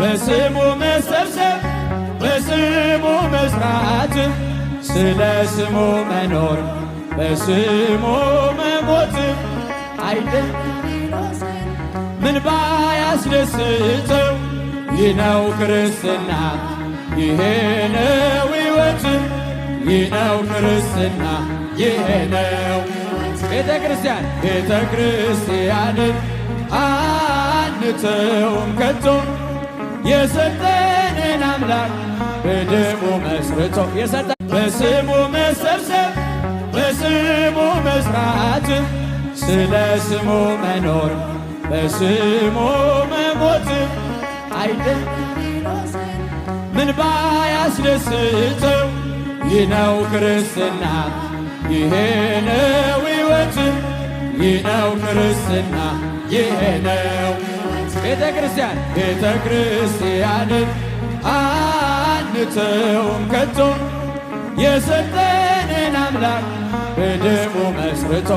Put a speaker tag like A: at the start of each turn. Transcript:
A: በስሙ መሰብሰብ በስሙ መስራት ስለ ስሙ መኖር በስሙ መሞት አይደል ምን ባያስደስተው ይህ ነው ክርስትና ይሄ ነው ሕይወት ይህ ነው ክርስትና ይሄ ነው
B: ቤተ ክርስቲያን
A: ቤተ ክርስቲያንን አንተውም ከቶ የሰጠንን አምላክ በደሙ መስርቶ የሰጠ በስሙ መሰብሰብ በስሙ መስራት ስለ ስሙ መኖር በስሙ መሞት አይደል ምን ባያስደስተው ይህ ነው ክርስትና ይሄ ነው ሕይወት ይህ ነው ክርስትና ይሄ ነው
B: ቤተ ክርስቲያን
A: ቤተ ክርስቲያንን አንተውም ከቶ የሰጠንን አምላክ በደሙ መስርቶ